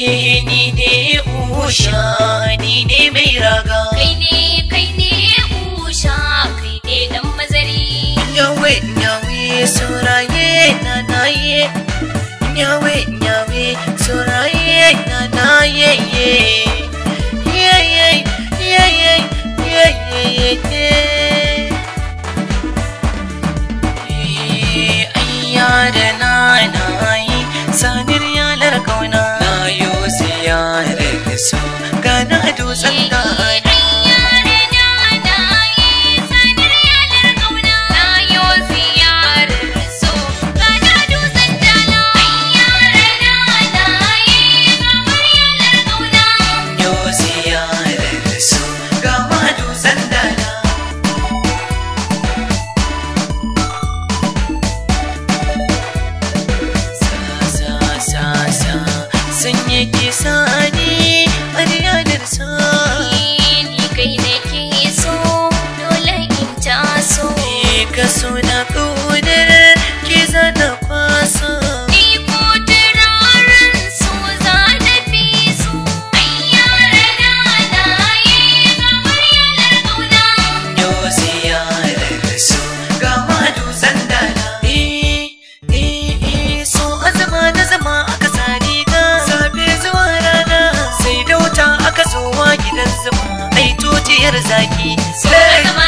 ne ni ne usha ni ne mai raga kai ne kai ne usha kai ne dan mazari nyawe nyawe suraye na naye nyawe nyawe suraye na naye Sobre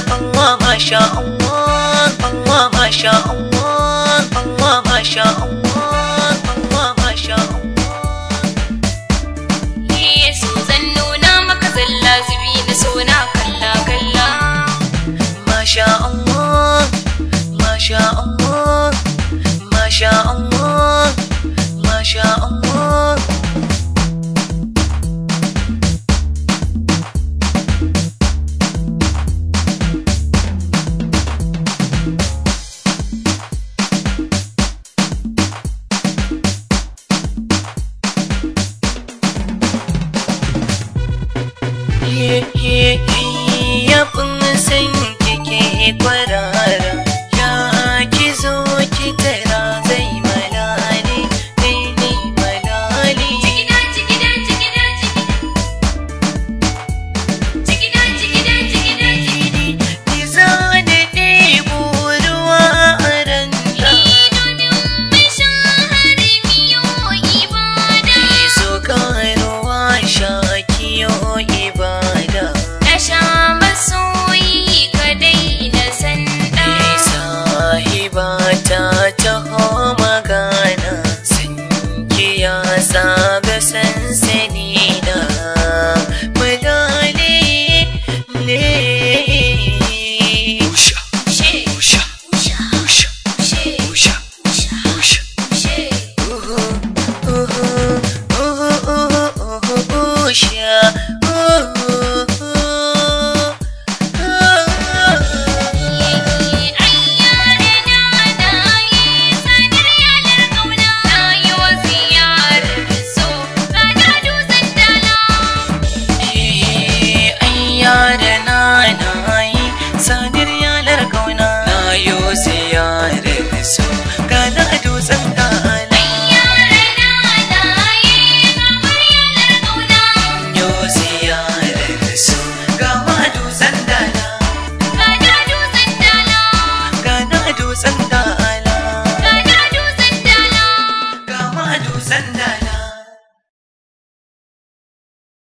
masha Allah Allah masha Allah Allah masha Allah Yesu zan nuna maka zalla zubi na suna kalla kalla masha Allah masha Allah masha Allah masha Allah